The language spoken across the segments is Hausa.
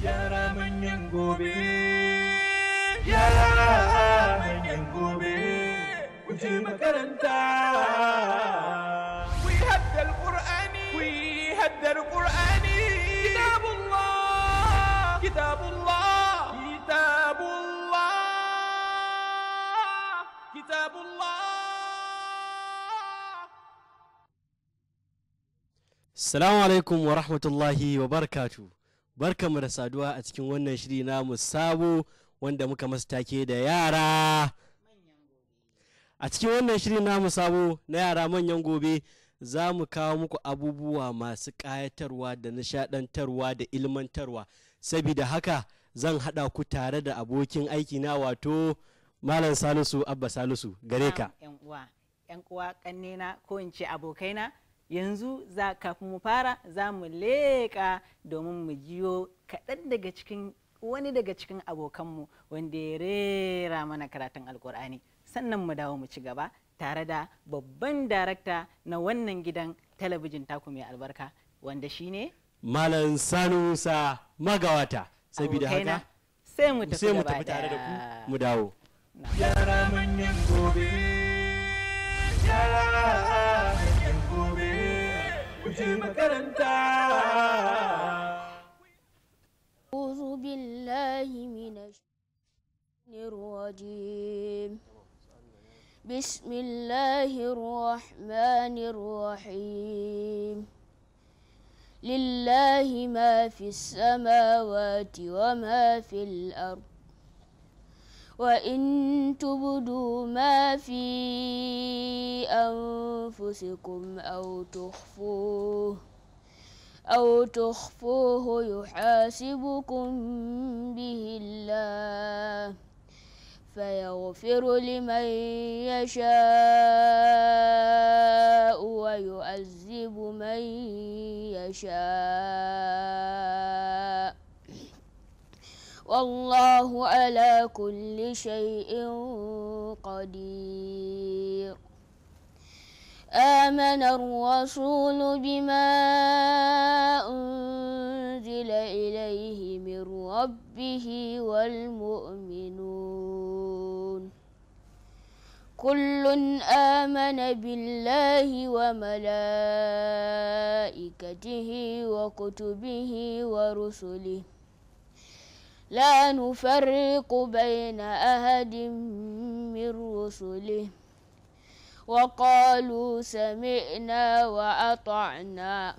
من من ويهدى القرآن ويهدى القرآن كتاب الله كتاب الله كتاب الله السلام عليكم ورحمة الله وبركاته mu da saduwa a cikin wannan shiri na sabo wanda muka masu take da yara a cikin wannan shiri na sabo na yara manyan gobe za mu kawo muku abubuwa masu ƙayatarwa da nishaɗantarwa da ilmantarwa saboda haka zan haɗa ku tare da abokin aiki na wato malam salisu abba salisu gare ka yan uwa ƙannena ko in ce abokaina yanzu za kafin mu fara za mu leƙa domin mu jiyo kaɗan daga cikin wani daga cikin abokanmu wanda ya rera mana karatun alkur'ani sannan mu dawo mu ci gaba tare da babban darakta na wannan gidan talabijin taku mai albarka wanda shine malam sanusa magawata saboda haka sai mu tafi tare da ku mu dawo yara manyan gobe yara إيه أعوذ بالله من الشيطان الرجيم بسم الله الرحمن الرحيم لله ما في السماوات وما في الأرض وإن تبدوا ما في أنفسكم أو تخفوه أو تخفوه يحاسبكم به الله فيغفر لمن يشاء ويعذب من يشاء والله على كل شيء قدير آمن الرسول بما أنزل إليه من ربه والمؤمنون كل آمن بالله وملائكته وكتبه ورسله لا نفرق بين أحد من رسله وقالوا سمعنا وأطعنا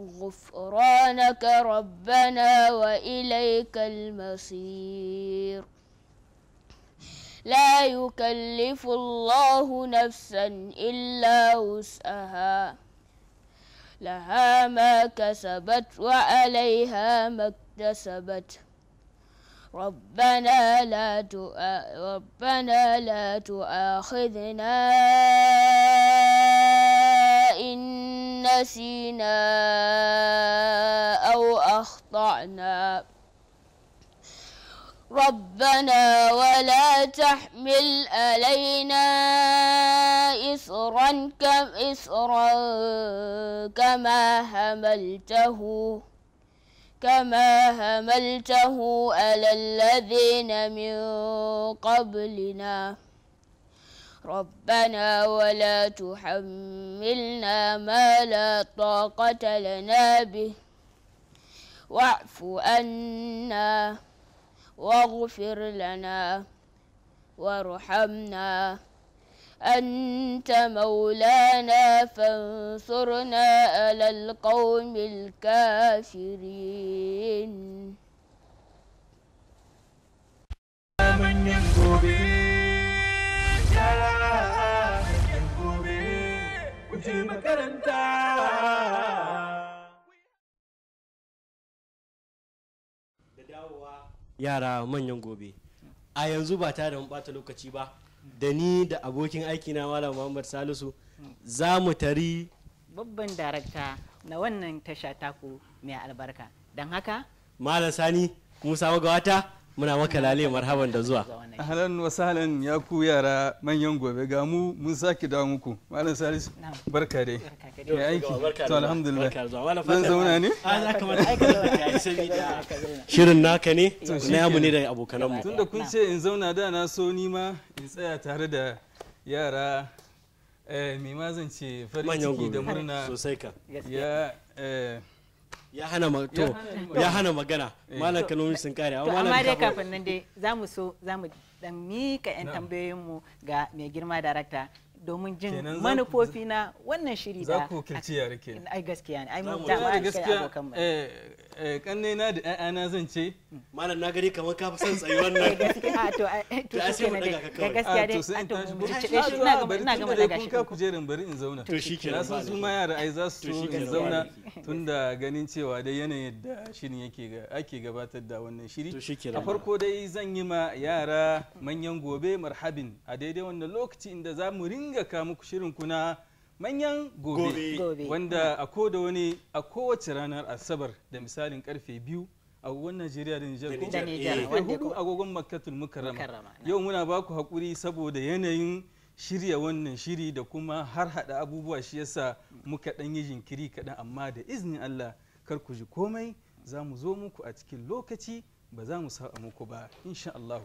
غفرانك ربنا وإليك المصير لا يكلف الله نفسا إلا وسعها لها ما كسبت وعليها ما اكتسبت ربنا لا ربنا لا تؤاخذنا إن نسينا أو أخطأنا ربنا ولا تحمل علينا إصرا كم إصرا كما حملته كما هملته على الذين من قبلنا ربنا ولا تحملنا ما لا طاقة لنا به واعف عنا واغفر لنا وارحمنا أنت مولانا فانصرنا على القوم الكافرين yara manyan gobe a yanzu ba tare da mun ɓata lokaci ba da ni da abokin aiki na malam muhammad salisu za mu tari babban darakta na wannan tasha taku mai albarka don haka malam sani musa wagawata muna maka lale marhaban da zuwa ahalan wasalan ya ku yara manyan gobe ga mu mun sake dawo muku malam salis barka dai ya aiki to alhamdulillah zan zauna ne ah, shirin naka ne na yamu ne da abokanan mu tunda kun ce in zauna da na so ni ma in tsaya tare da yara eh, mai ma zan ce farin ciki da murna sosai ka ya eh. ya hana magana eh. malam kanomi sun kare amma dai kafin nan dai za mu so za mu dan mika 'yan tambayoyinmu ga mai girma darakta domin jin manufofi na wannan shiri da za ku kirci yare ke ai gaskiya ne ai mun da ma gaskiya eh eh kanne na da ƴaƴana zan ce mm. malam na gari kamar ka fi son tsayi wannan a to to ne da gaskiya dai a to mu ci shi ina ga ina ga daga ku ka kujerin bari in zauna to shikenan na san su ma yara ai za su in zauna tunda ganin cewa dai yanayin da shirin yake ga ake gabatar da wannan shiri a farko dai zan yi ma yara manyan gobe marhabin a daidai wannan lokaci inda za mu ringa dinga ka muku shirin kuna manyan gobe wanda a ko da wani a kowace ranar asabar da misalin karfe biyu agogon najeriya da nijar ko eh. agogon makkatul mukarrama yau muna ba ku haƙuri saboda yanayin shirya wannan shiri da kuma har hada abubuwa shi yasa muka dan yi jinkiri kaɗan amma da izinin allah kar ku ji komai za mu zo muku a cikin lokaci ba za mu sa'a muku ba insha allah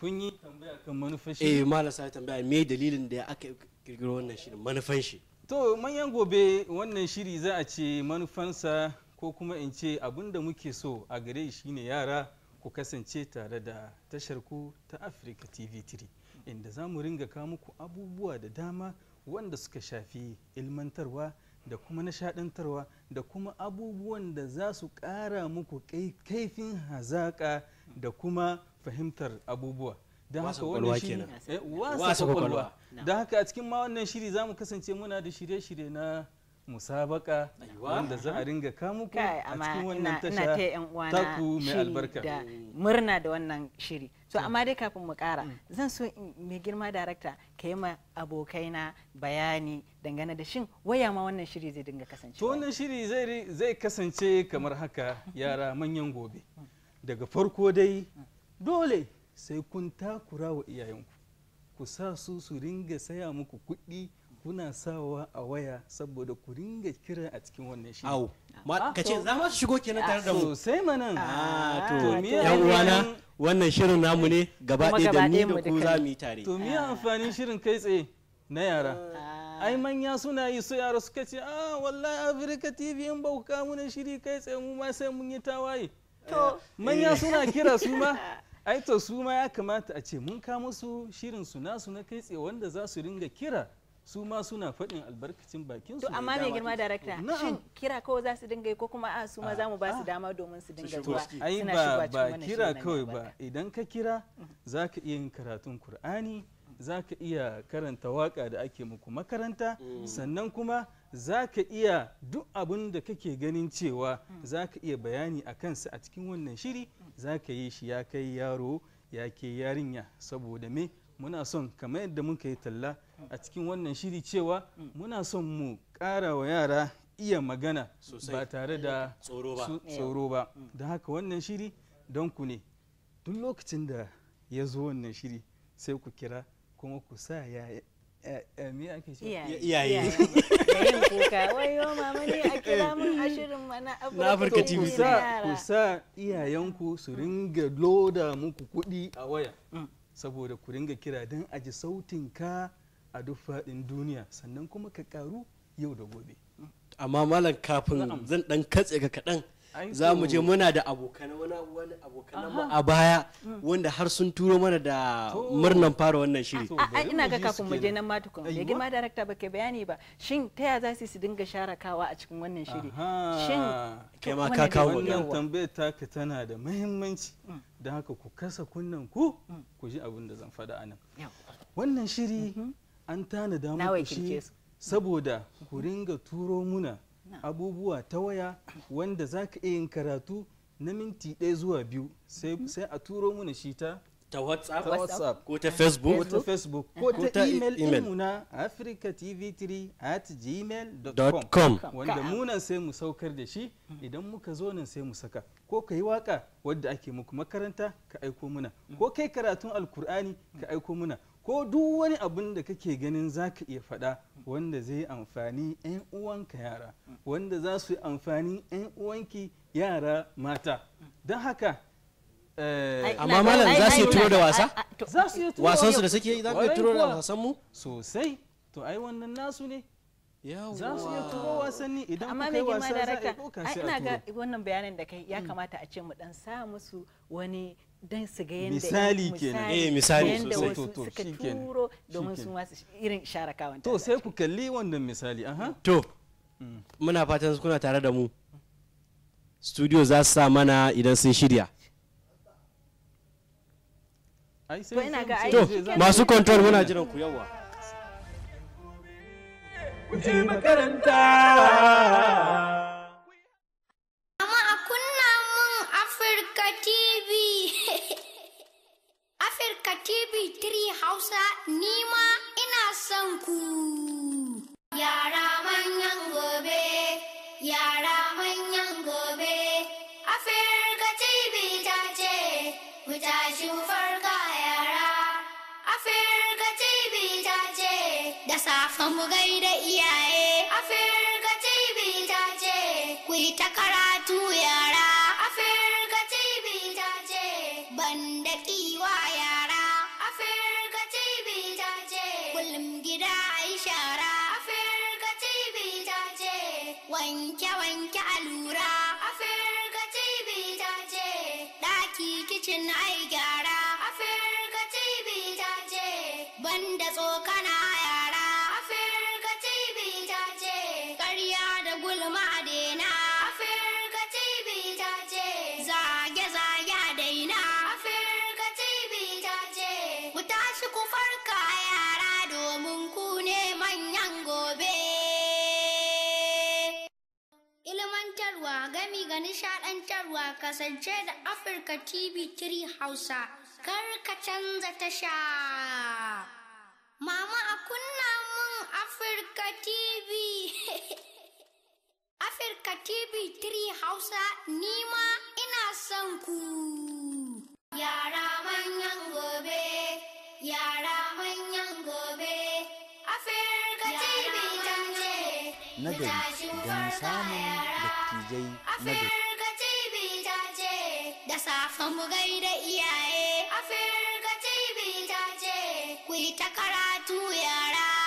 kun yi tambaya kan manufanshi. eh malam sai tambaya me dalilin da aka kirkiro wannan shirin manufan shi to manyan gobe wannan shiri za a ce manufansa ko kuma in ce abin da muke so a gare shine yara ku kasance tare da tashar ku ta Africa TV3 inda za mu ringa kawo muku abubuwa da dama wanda suka shafi ilmantarwa da kuma nishadantarwa da kuma abubuwan da za su kara muku kaifin hazaƙa da kuma fahimtar abubuwa don haka wannan shiri don eh, haka a cikin ma wannan shiri za mu kasance muna da shirye-shirye na musabaka wanda za a ringa kamu ku a cikin wannan tasha taku mai albarka murna da wannan shiri so amma dai kafin mu kara mm. zan so mai girma darakta ka yi ma abokaina bayani dangane da shin waya ma wannan shiri zai dinga kasance to wannan shiri zai kasance kamar haka yara manyan gobe mm. daga farko dai mm. dole sai kun takura wa iyayenku ku sa su su ringa saya muku kuɗi kuna sawa a waya saboda ku ringa kira a cikin wannan shi awo ah, ka ce za ma su shigo kenan tare da mu sosai manan ah, ah, to yan uwana wannan shirin namu ne gaba ɗaya da ni da ku za mu yi tare to me amfanin shirin kai tsaye na yara ai manya suna yi su yara suka ce a wallahi afirka tv in ba ku kawo shiri kai tsaye mu ma sai mun yi tawaye manya suna kira su ma ai to su ma ya kamata a ce mun kama su shirin su nasu na kai tsaye wanda za su ringa kira su ma suna faɗin albarkacin bakin su. To amma mai girma darakta shin kira kawai za su dinga yi ko kuma a su ma ah, za mu ba su ah. dama domin su dinga zuwa suna cikin shigowa ba kira kawai ba idan ka kira za ka iya yin karatun Kur'ani za ka iya karanta waka da ake muku makaranta mm. sannan kuma za ka iya duk abin da kake ganin cewa za ka iya bayani a kansa a cikin wannan shiri za ka yi shi ya kai yaro ya ke yarinya saboda me muna son kamar yadda muka yi talla a cikin wannan shiri cewa muna son mu kara wa yara iya magana ba tare da tsoro ba don haka wannan shiri don ku ne duk lokacin da ya zo wannan shiri sai ku kira kuma ku sa Eh, eh, me ake iyaye kuka wayo mama ne a kira mun eh. ashirin mana ku sa iyayenku su ringa loda muku kuɗi a waya mm. saboda ku ringa kira don aji sautin ka a duk duniya sannan kuma ka karu yau da gobe amma malam kafin zan dan katse ka kaɗan za mu je muna da abokan wani abokan mu a baya mm. wanda har sun turo mana da murnan fara wannan shiri a ina ga kafin mu je nan ma tukun ya gima darakta ba ke bayani ba shin ta ya za su su dinga sharakawa a cikin wannan shiri shin ke ma ka kawo wannan tambayar ka tana da muhimmanci mm. don haka ku kasa kunnan ku mm. ku ji abin da zan faɗa anan wannan shiri mm-hmm. an da mu shi saboda ku ringa turo muna abubuwa ta waya wanda za ka iya yin karatu na minti ɗaya zuwa biyu sai mhm. a turo mana shi ta ta whatsapp ko ta facebook ko ta email ɗinmu na africatv3 at wanda munan sai mu saukar da shi mhm. idan muka zo nan sai mu saka ko ka yi waka wadda ake muku makaranta ka aiko muna mhm. ko kai karatun alkur'ani ka aiko muna ko duk wani abin da kake ganin za ka iya faɗa wanda zai amfani 'yan uwanka yara wanda za su amfani 'yan uwanki yara mata don haka eh, amma malam za su yi turo da wasa wasan su da suke yi za su yi turo da wasan mu sosai to ai wannan nasu ne za su yi turo wasanni idan kuka kai wasa za a yi ina ga wannan bayanin da kai ya mm. kamata a ce mu dan sa musu wani don su ga yadda misali kenan eh misali sosai to to shikenan suka turo domin su wasu irin sharakawan to sai ku kalli wannan misali aha to muna fatan su kuna tare da mu studio za su sa mana idan sun shirya to masu control muna jiran ku yawa ku je makaranta Hausa nima ina son ku. Yara manyan gobe, yara manyan gobe, ka TV ta ce, mu tashi farka yara. ka TV ta ce, da safa mu gaida iyaye. ka TV ta ce, ku yi ta karatu kasance da Afirka TV 3 Hausa, kar ka canza tasha. Mama a kunna mun Afirka TV. Afirka TV 3 Hausa nima ina son ku. Yara manyan gobe, yara manyan gobe, Afirka TV ce. Nagari don samun dattijai nagari. mu gaida iyaye Afirka TV ta ce ku yi ta karatu yara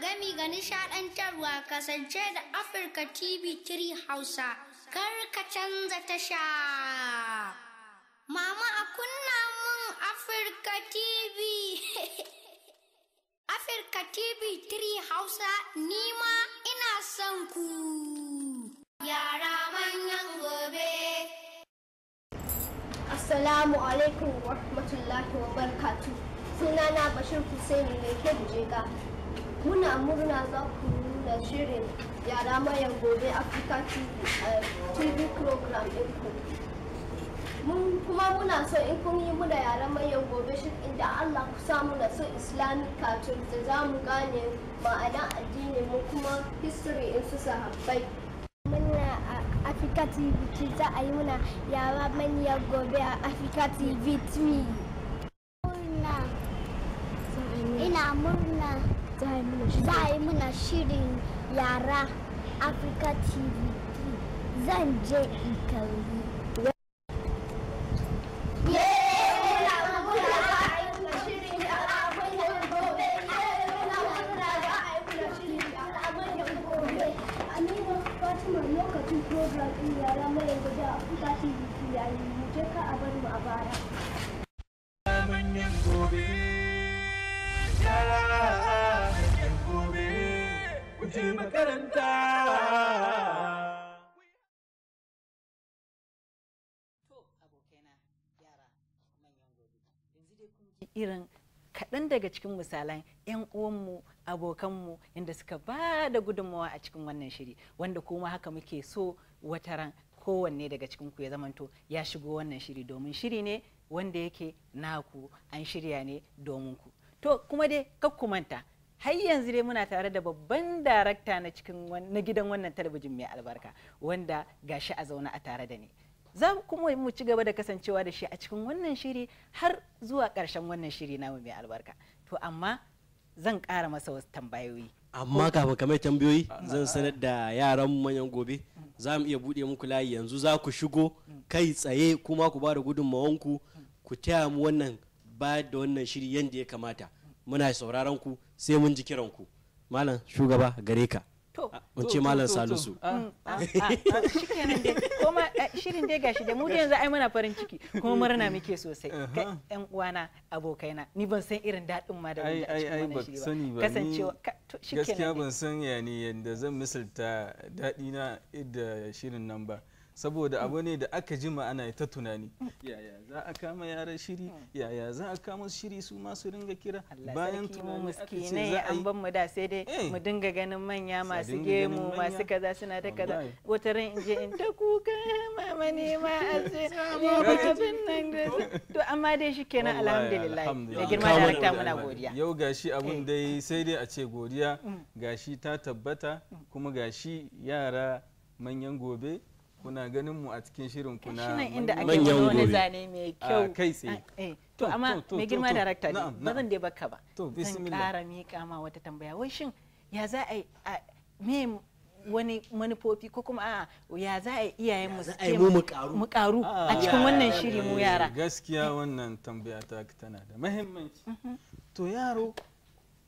gami ga nishadantarwa kasance da Afirka TV 3 Hausa, kar ka canza tasha. Mama a kunna mun Afirka TV. Afirka TV 3 Hausa nima ina son ku. Yara manyan gobe. Assalamu alaikum wa rahmatullahi wa barakatuh. Sunana Bashir Hussaini mai ke jega. Muna murna za ku nuna shirin yara maya gobe Africa TV eh, program ɗinku. kuma muna so in kun yi muna yara maya gobe shi inda Allah ku samu na so Islamic cartoons da za mu gane ma'anar addini mu kuma history in su sahabbai. Muna Africa TV ki za a yi muna yara manyan gobe a Africa TV 3. Murna. Ina murna. Zai muna shirin yara Africa TV 3 zan irin kaɗan daga cikin misalan 'yan uwanmu abokanmu inda suka ba da gudunmawa a cikin wannan shiri wanda kuma haka muke so wata ran kowanne daga cikin ku ya zamanto ya shigo wannan shiri domin shiri ne wanda yake naku an shirya ne domin ku to kuma dai manta har yanzu dai muna tare da babban darakta na cikin na gidan wannan talabijin mai albarka wanda gashi a zauna a tare da ni za kuma mu ci gaba da kasancewa da shi a cikin wannan shiri har zuwa ƙarshen wannan shiri namu mai albarka to amma zan ƙara masa wasu tambayoyi amma kafin kamar tambayoyi zan sanar da yaran manyan gobe za mu iya buɗe muku layi yanzu za ku shigo kai tsaye kuma ku ba da gudunmawanku ku taya mu wannan ba da wannan shiri yadda ya kamata muna sauraron ku sai mun ji kiran ku malam shugaba gare ka to ah, wace malam salisu mm. ah, ah, shikenan dai kuma eh, shirin dai gashi da mu da yanzu ai mana farin ciki kuma murna muke sosai ga yan uwana abokaina ni ban san irin daɗin ma da wanda a cikin wannan shiri ba kasancewa to shikenan gaskiya ban san yani yanda zan misalta daɗi na shirin nan ba saboda abu ne da aka ji ana ta tunani yaya za a kama yaran shiri yaya za a kama shiri su masu ringa kira bayan tunani aka ce za a yi ban mu da sai dai eh. mu dinga ganin manya masu gemu masu kaza suna ta kaza wata ran in je in ta kuka mama ne ma a ce bin nan da to amma dai shi kenan alhamdulillah da girma da rakta muna godiya yau gashi abun eh. dai sai dai a ce godiya mm. gashi ta tabbata mm. kuma gashi yara manyan gobe kuna ganin mu a cikin shirin kuna manyan gobe zane mai kyau kai tsaye eh. to amma mai girma darakta ne ba zan dai baka ba To zan kara miƙa ma wata tambaya wai shin ya za a me wani manufofi ko kuma a ya za a iyayen mu karu ah, a cikin wannan shiri mu eh, yara gaskiya eh. wannan tambaya ta tana da mahimmanci mm-hmm. to yaro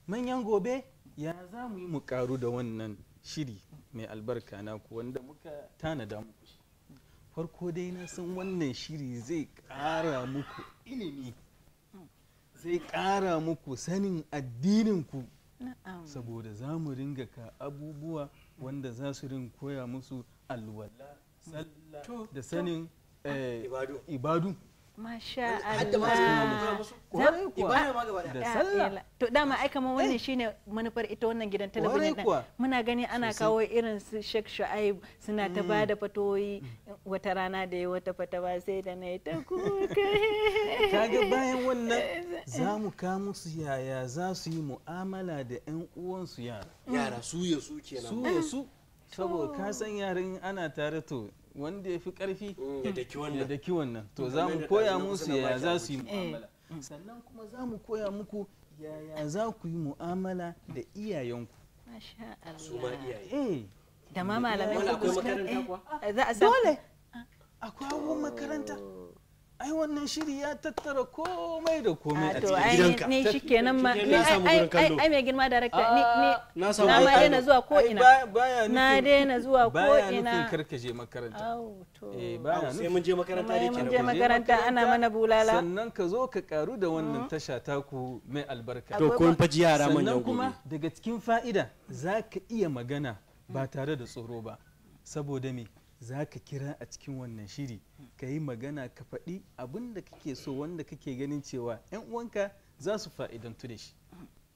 manyan gobe ya za mu yi mu karu da wannan shiri mai albarka ku wanda muka tanada muku farko dai na san wannan shiri zai ƙara muku ilimi zai ƙara muku sanin addininku saboda za mu ringa ka abubuwa wanda za su rin koya musu alwala da sanin eh, ibadu Masha Allah. Da sallah. To dama ai kamar wannan eh. shine manufar ita wannan gidan talabijin din. Muna gani ana kawo irin su Sheikh Shu'aib suna ta mm. bada fatoyi mm. wata rana da ya wata fata ba sai da na ta kuka. Kaga bayan wannan za mu ka musu yaya za su yi mu'amala da 'yan uwansu yara. Yara su ya su kenan. Su ya su. Saboda ka san yaran ana tare to wanda ya fi karfi ya daki wannan to za mu koya musu ya za su yi mu'amala eh. sannan kuma za mu koya muku yaya za ku yi mu'amala da iyayenku su ma iyaye eh. da ma malamai eh, za a dole ah. akwai makaranta ai wannan shiri ya tattara komai da komai a cikin gidanka ni kenan ma ai mai girma ne ne ah, na ma daina zuwa ko ina na daina zuwa ko ina baya nufin karkaje makaranta eh baya sai mun je makaranta ne kenan mun je makaranta ana mana bulala sannan ka zo ka karu da wannan mm. tasha taku mai albarka to kun faji yara manyan sannan kuma daga cikin fa'ida zaka iya magana ba tare da tsoro ba saboda me za ka kira a cikin wannan shiri ka yi magana ka faɗi abin da kake so wanda kake ganin cewa 'yan uwanka za su fa'idantu da shi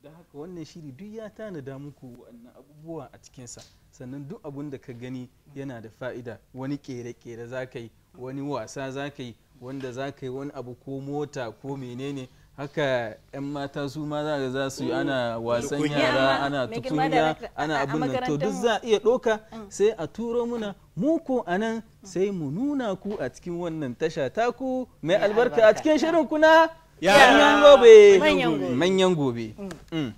da haka wannan shiri duk ya tanada muku wannan abubuwa a cikinsa sannan duk abin da ka gani yana da fa'ida wani kere-kere za ka yi wani wasa za ka yi wanda za ka yi wani abu ko mota ko menene haka 'yan mata su ma za ga za su yi ana wasan yara ana tukunya ana abin nan to duk za a iya doka mm. sai a turo muna muku a nan sai mu nuna ku a cikin wannan tasha taku mai albarka a cikin shirin kuna manyan gobe manyan gobe mm. Mm.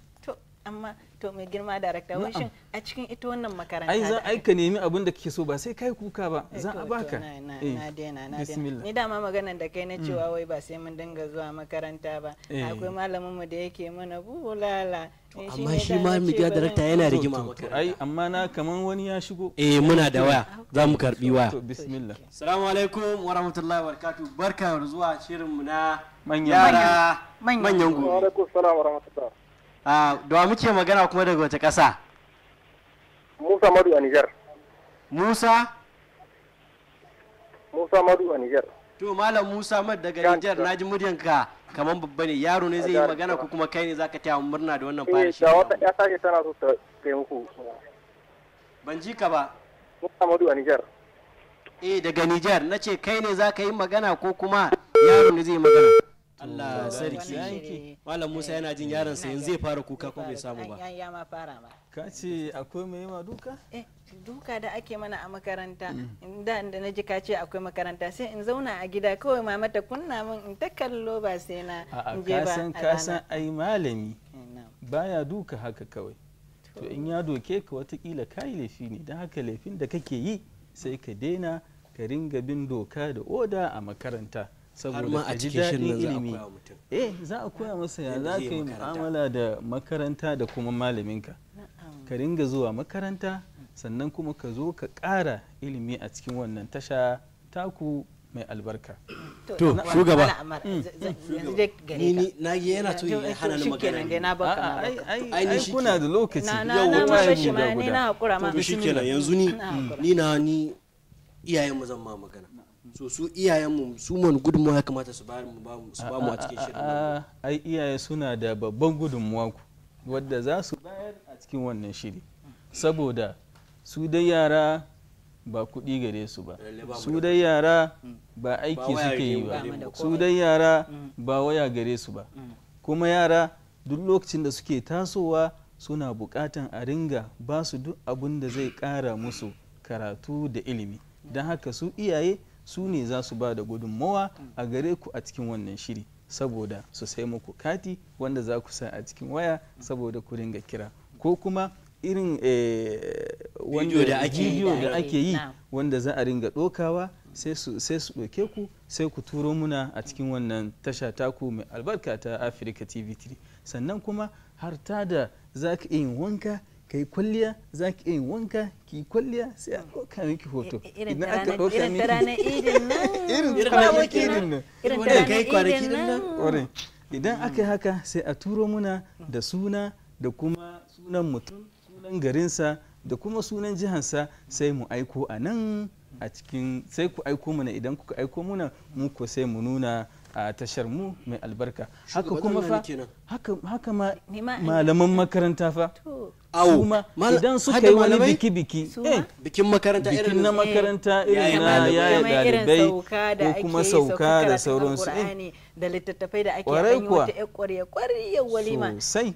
to mai girma director wai shin a cikin ita wannan makaranta ai za ai ka nemi abin da kake so ba sai kai kuka ba eh, za a baka na eh, daina na daina ni dama maganar da kai na mm. cewa wai ba sai mun dinga zuwa makaranta ba eh. akwai malamin mu da yake mana bulala amma shi ma media director yana rigima makaranta ai amma na kaman wani ya shigo eh muna da waya za mu karbi waya bismillah assalamu alaikum wa rahmatullahi wa barakatuh barka zuwa shirin mu na yara manyan gobe wa alaikum assalam wa rahmatullahi Ah, da muke magana kuma daga wace ƙasa musa madu a nijar musa musa madu a nijar to malam musa Madu daga nijar na ji muryanka kamar babba ne yaro ne zai yi magana ko kuma kai ne zaka taya murna da wannan eh, fara shi wata ya sake tana so ta kai muku ban ji ka ba musa madu a nijar eh daga nijar na ce kai ne za ka yi magana ko kuma yaro ne zai yi magana Allah sarki malam Musa yana jin yaron sa yanzu zai fara kuka ko bai samu ba ya ma fara ma ka ce akwai mai ma duka eh duka da ake mana a makaranta mm. da inda na ka ce akwai makaranta sai in zauna a gida kawai mama ta kunna min in ta kallo ba sai na in je ba ka san ka san ai malami baya duka haka kawai to in ya doke ka watakila yi laifi ne don haka laifin da kake yi sai ka daina ka ringa bin doka da oda a makaranta saboda a ji daɗin ilimi eh za a koya masa ya za ka yi mu'amala da makaranta da kuma malaminka ka ringa zuwa makaranta sannan kuma ka zo ka ƙara ilimi a cikin wannan tasha taku mai albarka to shugaba mm. ni na yi yana to yi hana ni magana na baka ai kuna da lokaci yau wata yi guda guda to shikenan yanzu ni ni na ni iyayen mu zan ma magana so su iyayenmu su man gudunmuwa ya kamata su bayar mu su ba mu a cikin shirin ai iyaye suna da babban ku wadda za su bayar a cikin wannan shiri saboda su dai yara ba kuɗi gare su ba su dai yara ba aiki suke yi ba su dai yara ba waya gare su ba hmm. kuma yara duk lokacin da suke tasowa suna bukatan a ringa ba su duk abin da zai ƙara musu karatu da ilimi don haka su iyaye su ne za su ba da gudunmawa a gare ku a cikin wannan shiri saboda su sai muku kati wanda za ku sa a cikin waya saboda ku ringa kira ko kuma irin video eh, da ake yi wanda za a ringa ɗokawa sai su ɗauke ku sai ku turo muna a cikin wannan tasha taku mai albarka ta afirka tv3 sannan kuma har ta da za ka yin wanka ka yi kwalliya za ki yin wanka ki yi kwalliya sai a ɗauka miki hoto idan aka ɗauka miki irin kwanaki idin nan irin kwanaki idin nan idan aka yi haka sai a turo muna da suna da kuma sunan mutum sunan garinsa da kuma sunan jihansa sai mu aiko a nan a cikin sai ku aiko mana idan kuka aiko muna mu ko sai mu nuna a tashar mu mai albarka haka kuma fa haka malaman makaranta fa awo idan suka yi wani biki biki eh, bikin makaranta irin na makaranta irin na yaya dalibai ko kuma sauka da sauransu eh. da littattafai da ake yi wata ƙwarya ƙwarya walima sai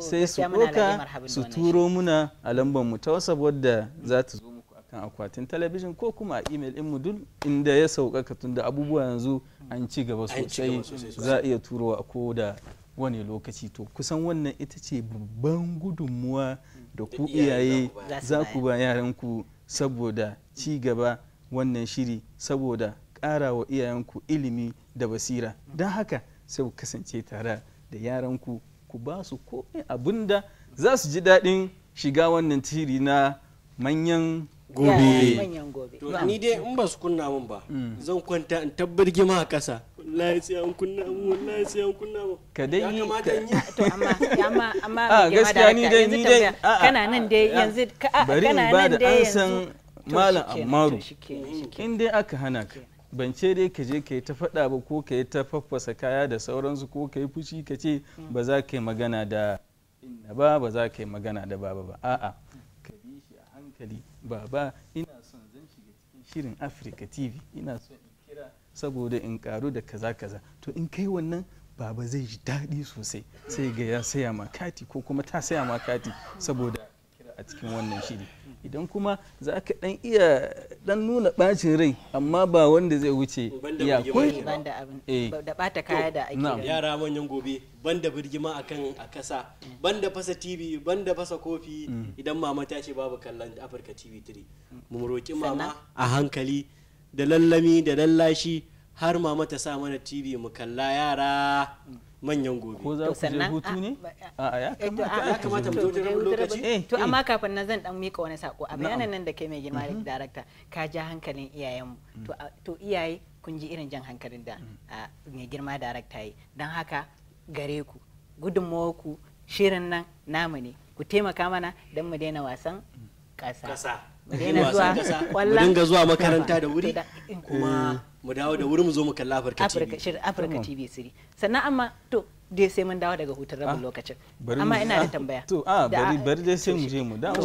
sai su ɗoka su turo muna a lambar mu ta wasa wadda za ta zo kan akwatin talabijin ko kuma a email in mu duk inda ya sauƙaƙa da abubuwa yanzu an ci gaba sosai za a iya turowa ko da wani lokaci to kusan wannan ita ce babban gudunmuwa da ku iyaye za ku ba yaranku saboda ci gaba wannan shiri saboda ƙara wa iyayenku ilimi da basira don haka sai ku kasance tare da yaranku ku ba su komai da za su ji daɗin shiga wannan tiri na manyan gobe ni dai in ba su kunna mun ba mm. zan kwanta in tabbar gima a ƙasa wallahi sai an kunna mun wallahi sai an kunna mun ka dai yi ah, to amma amma amma ah, a gaskiya ni dai ni dai ah, kana nan dai yanzu kana nan dai yanzu malam ammaru in dai aka hana ka ban ce dai ka je ka yi ta faɗa ba ko ka yi ta faffasa kaya da sauransu ko ka yi fushi ka ce mm. ba za ka yi magana da inna ba ba za ka yi magana da baba ba a'a ka bi shi a hankali baba ina son zan shiga cikin shirin africa tv ina son in kira saboda in karu da kaza kaza to in kai wannan baba zai ji daɗi sosai sai ga ya saya ma kati ko kuma ta saya ma kati saboda kira a cikin wannan shiri idan kuma za ka dan iya dan nuna bacin rai amma ba wanda zai wuce ya da bata eh. kaya da ake yara manyan gobe banda birgima akan a kasa banda fasa tv banda fasa kofi mm. idan mama ta ce babu kallon afirka tv 3 mm. mu roki mama a hankali da lallami da lallashi har mama ta sa mana tv mu kalla yara mm. manyan gobe ko za ku je hutu ah, ne ah. eh, ah, a ya kamata mu je lokaci eh, to eh. amma kafin nan zan dan mika wani sako a bayanan nan da kai mai girma mm-hmm. director ka ja hankalin iyayenmu mm-hmm. to to iyaye kun ji irin jan hankalin da mm-hmm. mai girma director yi dan haka gare ku gudunmawar ku shirin nan namu ne ku taimaka mana don mu daina wasan kasa mm. mu daina zuwa makaranta da wuri kuma mu dawo da wuri mu zo mu kalla Afirka TV shirin Afirka TV siri sannan amma to dai sai mun dawo daga hutun rabin ah, lokacin amma ina da ah, tambaya to ah, a bari bari dai sai mu je mu dawo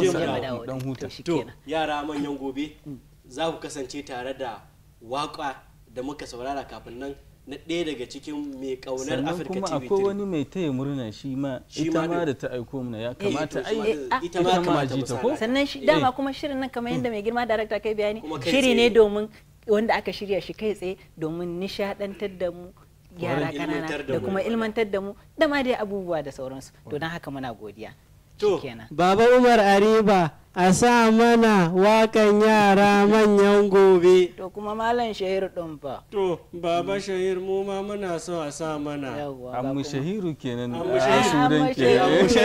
dan huta to yara manyan gobe mm. za ku kasance tare da waka da muka saurara kafin nan na ɗaya daga cikin mai kaunar afirka tv sannan kuma akwai wani mai taya murna shi ma ita ma da ta aiko mana ya eh, kamata ai ita ma ji ta ko sannan dama eh. kuma shirin nan kamar yadda mai girma director kai bayani shiri ne domin wanda aka shirya shi kai tsaye domin nishadantar da mu yara kanana da kuma ilmantar da mu da ma dai abubuwa da sauransu to don haka muna godiya to baba umar ariba a sa mana wakan yara manyan gobe to kuma malam shahir din fa to baba shahir mu ma muna so a sa mana amma shahiru kenan a sudan kenan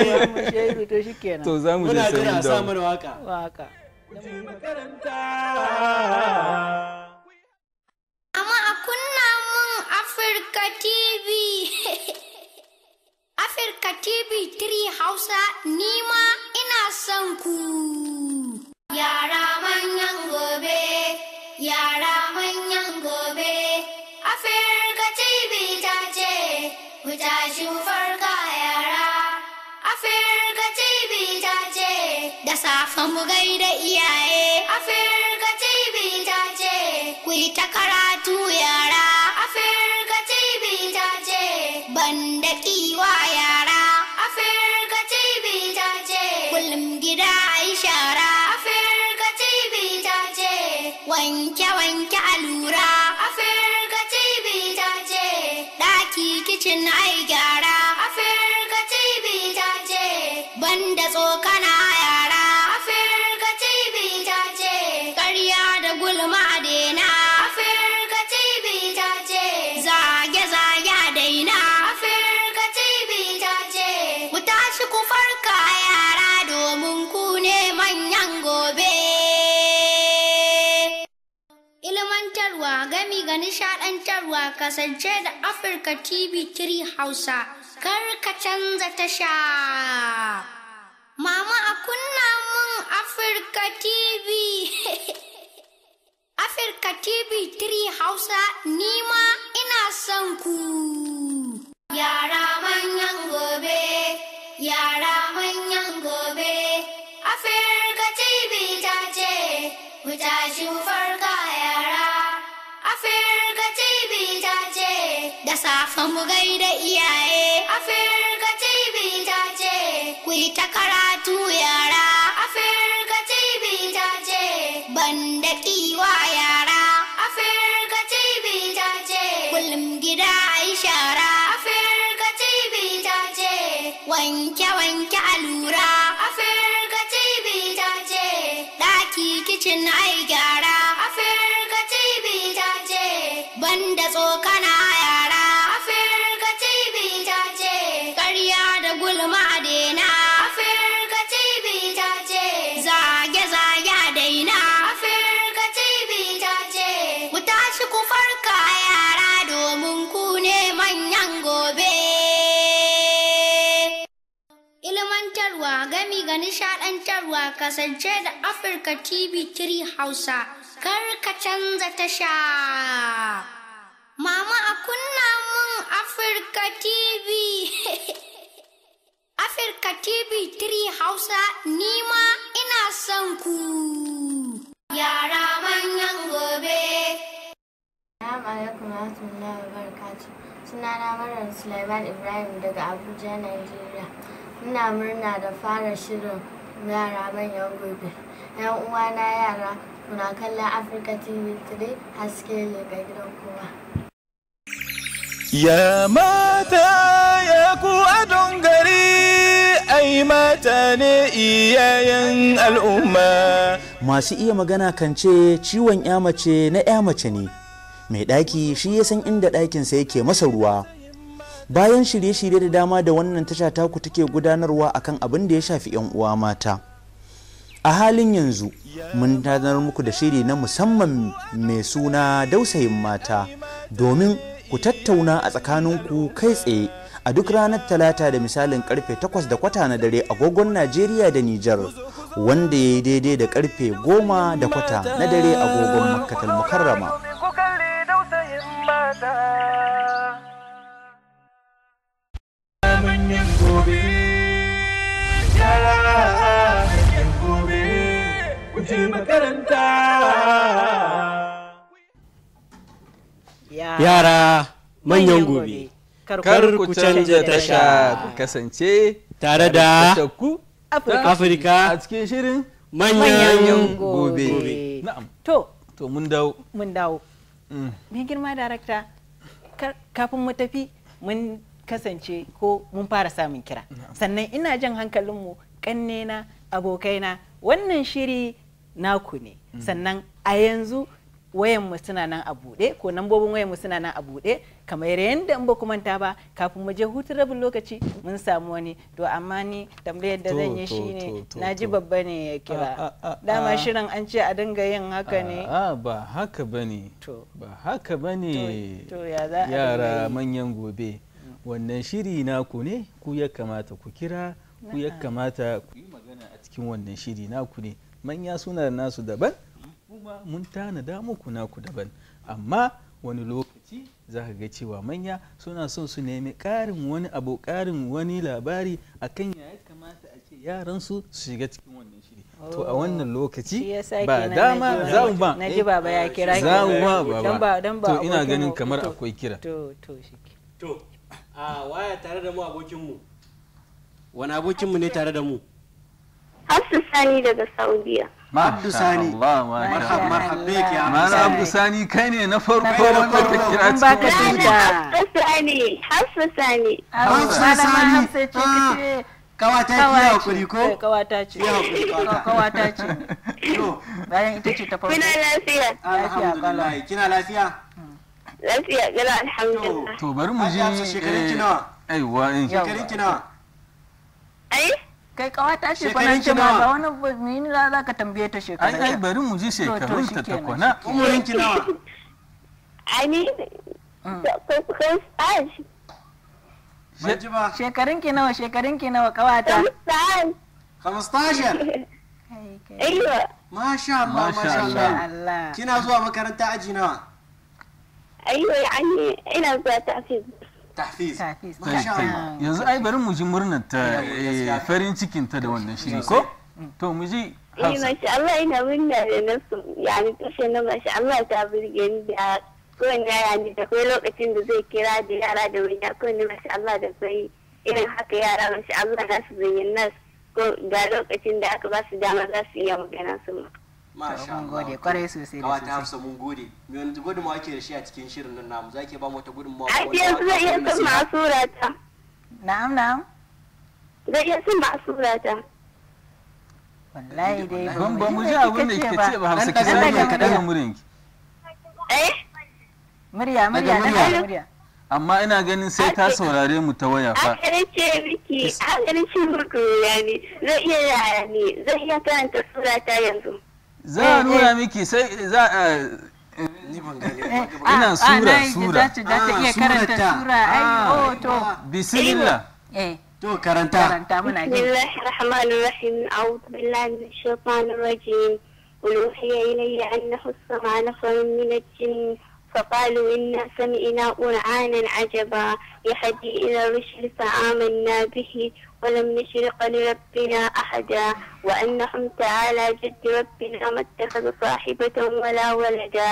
shahiru to shikenan to za mu je sai a sa mana waka waka makaranta Afirka TV. Africa TV 3 Hausa nima ina son ku. Yara manyan gobe, yara manyan gobe. Africa TV ta ce, mu tashi farka yara. Africa TV ta ce, da safe mu gaida iyaye. Africa TV ta ce, ku yi ta karatu yara. Africa banda wa yara afirka tv ta ce kullum gida ai shara afirka tv ta ce wanke wanke alura afirka tv ta ce daki kicin ai gyara Gami ga nishaɗantarwa kasance da Afirka TV3 Hausa, kar ka canza tasha. Mama a kunna mun Afirka TV. Afirka TV3 Hausa nima ina son ku. Yara manyan gobe, yara manyan gobe, Afirka TV ta ce, mu tashi mu farka. jaje da safan mu gaida iyaye Afirka TV ta ku yi ta karatu yara A Afirka TV ta ban da kiwa yara Afirka TV ta ce kullum gida a yi shara Afirka TV ta ce wanke wanke alura Afirka TV ta daki kicin ai gyara Afirka wanda tsokana yara afirka tv ta ce karya da gulma daina afirka tv ta ce zage zage daina afirka tv ta ce ku tashi ku farka yara domin ku ne manyan gobe ilmantarwa gami ga nishadantarwa kasance da afirka tv 3 hausa kar ka canza tasha Mama a kunna mun Afirka TV. Afirka TV 3 Hausa nima ina son ku. Yara manyan gobe. Assalamu alaikum wa rahmatullahi wa barakatuh. Sunana Maryam Sulaiman Ibrahim daga Abuja, Nigeria. Ina murna da fara shirin yara manyan gobe. 'Yan uwana yara kuna kallon Afirka TV 3 haske ne ga gidan kowa. ya mata ya ku adon gari ai mata ne iyayen al'umma masu iya magana kan ce ciwon ya mace na ya mace ne mai ɗaki shi ya san inda ɗakinsa yake masa ruwa bayan shirye-shirye da dama da wannan tasha taku take gudanarwa akan abin da ya shafi 'yan uwa mata a halin yanzu mun tanar muku da shiri na musamman mai suna dausayin mata domin ku tattauna a tsakaninku kai tsaye a duk ranar talata da misalin karfe 8 da kwata na dare agogon najeriya da nijar wanda ya yi daidai da karfe 10 da kwata na dare agogon makatal mukarrama makaranta yara manyan gobe kar ku canja tasha ku kasance tare da afirka a cikin shirin manyan gobe to to mun dawo mun dawo mm. mai girma darakta kafin mu tafi mun kasance ko mun fara samun kira sannan ina jan hankalinmu kannena abokaina wannan shiri naku ne mm. sannan a yanzu wayan mu suna nan a buɗe ko nambobin wayan mu suna nan a buɗe kamar yadda in ba ku manta ba kafin mu je hutun rabin lokaci mun samu wani to amma ni tambayar da zan yi shine naji babba ne ya kira dama shirin an ce a dinga yin haka ne a ba haka bane ba haka bane yara manyan gobe mm. wannan shiri naku ne ku ya kamata ku kira ku ya kamata ku yi magana a cikin wannan shiri naku ne manya suna nasu daban kuma mun tanada muku naku daban amma wani lokaci za ka ga cewa manya suna son su nemi ƙarin wani abu ƙarin wani labari akan ya kamata a ce yaransu su shiga cikin wannan shiri to a wannan lokaci oh, ba dama za mu ba na ji baba ya kira za mu ba baba to ina ganin kamar akwai kira to to shike to a waya tare da mu abokin mu wani abokin mu ne tare da mu Hafsu Sani daga Saudiya. Abdu Sani. Marhab ya Mala Abdu Sani kai ne na farko wanda ta kira cikin baka tuta. Hafsu Sani. Hafsu Sani. Hafsu Sani. Ah, kawata ce ya hakuri ko? Kawata ce. Kawata ce. Bayan ita ce ta farko. Kina lafiya. Alhamdulillah. Kina lafiya? Lafiya gala alhamdulillah. To bari mu ji. Shekarun kina. Eh, aiwa. Shekarun kina. Ai? Eh? kai kawata ce kwana ce ma ba wani mini za ka tambaye ta shekara ai bari mu ji shekarun ta ta kona umurin ki nawa ai ni mm. shekarun ki nawa shekarun ki nawa kawa ta 15 Aiwa. Masha Allah, masha Allah. Kina zuwa makaranta aji nawa? Aiwa, ina zuwa ta tafiya. yanzu ai bari mu ji murnar ta eh, farin cikin ta da wannan shiri ko to mu ji eh masha Allah ina murna da nasu yani kashe na masha Allah ta burge ni da kowane ya yanzu da kai lokacin da zai kira da yara da wani kowane masha Allah da kai irin haka yara masha Allah zai yi nas ko ga lokacin da aka ba su dama za su iya magana su ma masha Allah gode kwarai sosai da sosai zai iya sun ta na'am na'am zai iya sun ta wallahi dai ban ba mu ji abin da kike ce ba ki ne kadan ki eh murya murya murya amma ina ganin sai ta saurare mu ta waya fa. Hakanin ce miki, hakanin ce miki ya ne, zai iya yara ne, zai iya karanta sura yanzu. za a nuna miki sai za eh, eh, a ina eh, ah, sura ah, sura za ah, ta iya karanta sura ai oh, to bismillah to karanta karanta muna ji bismillahir rahmanir rahim a'udhu billahi minash shaitanir rajim qul uhiya ilayya annahu sama'a nafarun min al-jinn فقالوا إنا سمعنا قرآنا عجبا يهدي إلى الرشد فآمنا به ولم نشرق لربنا أحدا وأنهم تعالى جد ربنا ما اتخذ صاحبة ولا ولدا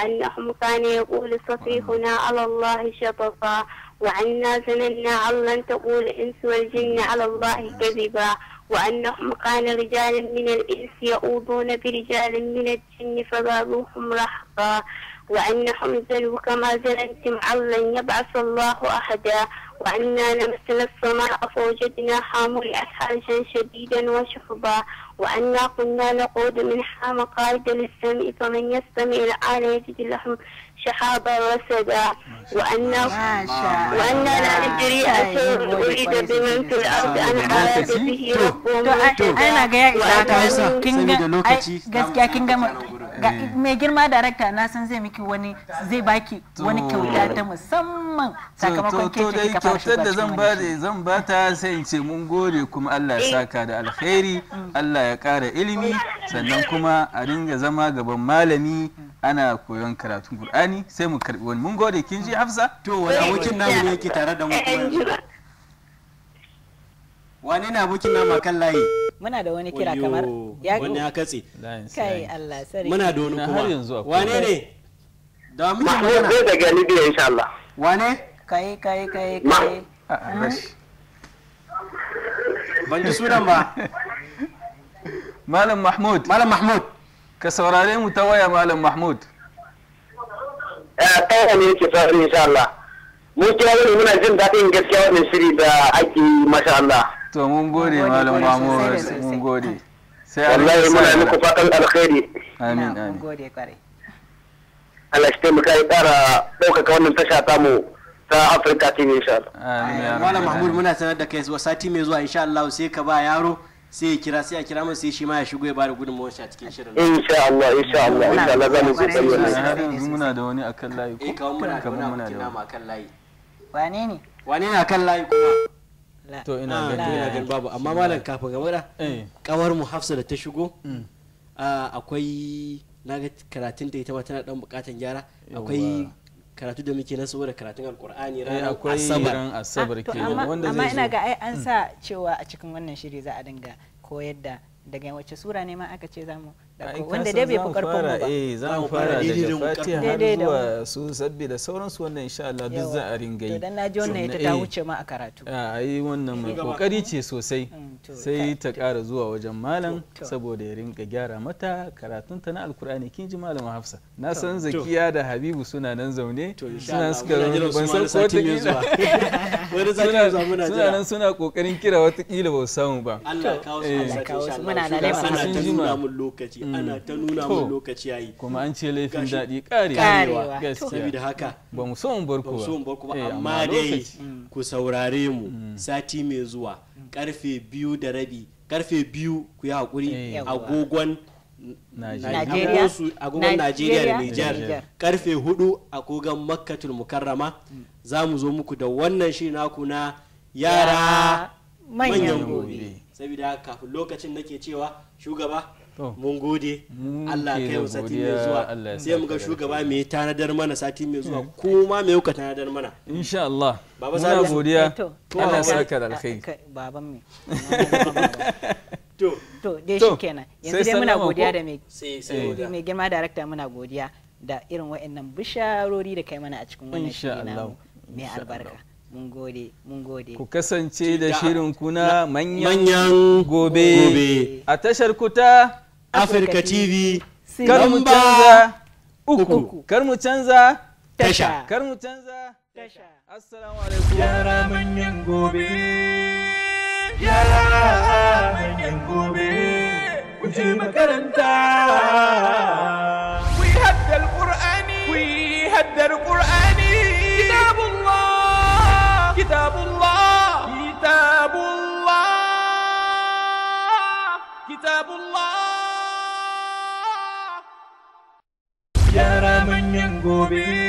أنهم كان يقول صفيهنا على الله شططا وعنا زننا على أن تقول الإنس والجن على الله كذبا وأنهم كان رجال من الإنس يؤوضون برجال من الجن فبابوهم رحقا وأنهم زلوا كما زلنتم على أن يبعث الله أحدا وأنا لمسنا السماء فوجدنا حامل حرجا شديدا وشحبا وأنا كنا نقود من حام قائدا للسمع فمن يستمع الآن يجد لهم شحاب وسدا وأن وأن لا أدري أريد بمن في الأرض أن أراد به ربهم أنا جاي لك كنت gaskiya kin gama mai girma darakta na san zai miki wani zai baki wani kyauta ta musamman sakamakon keke ka bashi kyautar da zan ba da zan ba ta sai in ce mun gode kuma Allah ya saka da alkhairi Allah ya kara ilimi sannan kuma a ringa zama gaban malami ana koyon karatun bayani sai mu karbi wani mun gode kin ji hafsa to wani abokin namu ne yake tare da mu eh, eh, wani na abokin namu kan layi muna da wani kira kamar ya wani ya katse kai Allah sarki muna da wani kuma yanzu wane ne da mu muke magana zai daga Libya insha Allah wane kai kai kai kai ah, ah, ban ji sunan ba Malam Mahmud Malam Mahmud ka saurare mu ta waya Malam Mahmud Eh, tsawon ne yake tsawon insha Allah mun kira wani muna jin daɗin gaskiya wannan shiri da ake yi masha Allah to mun gode malam Mahmud mun gode sai Allah muna muku fatan alkhairi amin amin gode kare Allah shi taimaka ya ƙara ɗaukaka wannan tasha ta mu ta Afirka TV insha Allah. Malam Mahmud muna sanar da kai zuwa sati mai zuwa insha Allah sai ka ba yaro sai ya kira sai ya kira mun sai shi ma ya shigo ya bada gudunmawar shi a cikin shirin insha Allah insha Allah insha Allah za mu zo kai wannan muna da wani akan layi ko eh, kawo muna da wani akan layi wane ne wane ne akan layi kuma to ina ga ina ga babu amma malam kafin ga mura eh. kawar mu Hafsa da ta shigo mm. ah, akwai na ga karatun da ita ma tana dan bukatan gyara akwai karatu da muke na saboda karatun alkur'ani eh, ranar asabar ah, asabar ke zai ina ga ai an hmm. sa cewa a cikin wannan shiri za a dinga koyar da daga wacce sura ne ma aka ce zamu wanda dai bai fi karfin ba eh za mu fara daga fatiha har zuwa su sabbi da sauransu wannan insha Allah duk za a ringa yi to dan naji wannan ita ta eh. wuce ma a karatu a ai wannan mai kokari ce sosai mm, sai ta ƙara zuwa wajen malam saboda ya ringa gyara mata karatun ta na alkur'ani kin ji malama Hafsa na san Zakiya da Habibu suna nan zaune suna suka ban san ko ta kila suna nan suna kokarin kira wata kila ba su samu ba Allah kawo su eh. muna da laifin sun ji mu lokaci ana mm. ta nuna mun lokaci yayi kuma an ce laifin daɗi karewa gaskiya saboda haka ba mu so mu bar ku ba eh, amma dai mm. ku saurare mu mm. sati mai zuwa karfe biyu da rabi karfe biyu ku yi hakuri eh. agogon Najeriya agogon Najeriya da Nijar karfe hudu agogon Makkatul Mukarrama za mu zo muku da wannan shi naku na yara manyan gobe saboda kafin lokacin nake cewa shugaba mun gode Allah kai mu sati mai zuwa sai mu ga shugaba mai tanadar mana sati mai zuwa eh. kuma mai kuka tanadar mana insha Allah baba sa godiya eh, Allah ya saka da alkhairi baban to to dai shikenan yanzu dai muna godiya da eh. mai girma director muna godiya da irin wayannan bisharori da kai mana a cikin wannan shirin namu mai albarka mun gode mun gode ku kasance da shirin kuna manyan gobe a tashar kuta Africa TV kar uku kar mu tasha kar mu tasha assalamu alaikum yara manyan gobe yara manyan gobe ku je makaranta ku yi haddal Quran ku yi haddar qur'ani kitabullah kitabullah kitabullah kitabullah manyan gobe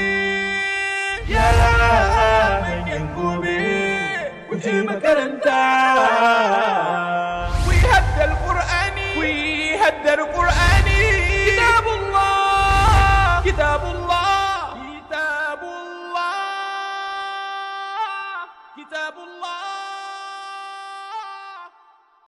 yara manyan gobe ku je makaranta ku yi haddar qur'ani ku yi haddar qur'ani kitabullah kitabullah kitabullah kitabullah